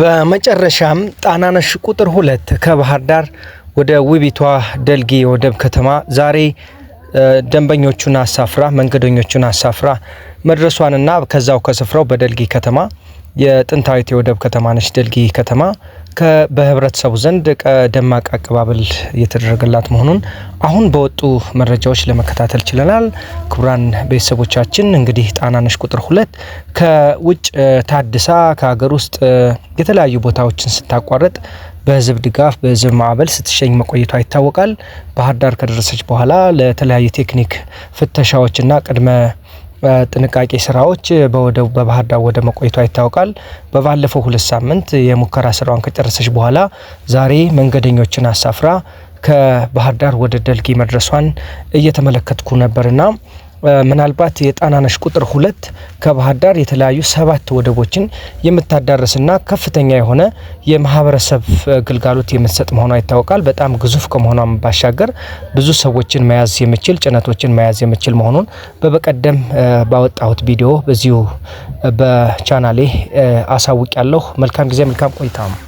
በመጨረሻም ጣናነሽ ቁጥር ሁለት ከባህር ዳር ወደ ውቢቷ ደልጌ የወደብ ከተማ ዛሬ ደንበኞቹን አሳፍራ መንገደኞቹን አሳፍራ መድረሷንና ከዛው ከስፍራው በደልጊ ከተማ የጥንታዊት የወደብ ከተማ ነች። ደልጊ ከተማ በህብረተሰቡ ዘንድ ደማቅ አቀባበል የተደረገላት መሆኑን አሁን በወጡ መረጃዎች ለመከታተል ችለናል። ክቡራን ቤተሰቦቻችን እንግዲህ ጣናነሽ ቁጥር ሁለት ከውጭ ታድሳ ከሀገር ውስጥ የተለያዩ ቦታዎችን ስታቋረጥ በህዝብ ድጋፍ በህዝብ ማዕበል ስትሸኝ መቆየቷ ይታወቃል። ባህር ዳር ከደረሰች በኋላ ለተለያዩ ቴክኒክ ፍተሻዎችና ቅድመ ጥንቃቄ ስራዎች በወደቡ በባህር ዳር ወደ መቆየቷ ይታወቃል። በባለፈው ሁለት ሳምንት የሙከራ ስራዋን ከጨረሰች በኋላ ዛሬ መንገደኞችን አሳፍራ ከባህር ዳር ወደ ደልጊ መድረሷን እየተመለከትኩ ነበርና ምናልባት የጣናነሽ ቁጥር ሁለት ከባህር ዳር የተለያዩ ሰባት ወደቦችን የምታዳርስና ከፍተኛ የሆነ የማህበረሰብ ግልጋሎት የምትሰጥ መሆኗ ይታወቃል። በጣም ግዙፍ ከመሆኗም ባሻገር ብዙ ሰዎችን መያዝ የምችል ጭነቶችን መያዝ የምችል መሆኑን በበቀደም ባወጣሁት ቪዲዮ በዚሁ በቻናሌ አሳውቅ ያለሁ። መልካም ጊዜ፣ መልካም ቆይታ ነው።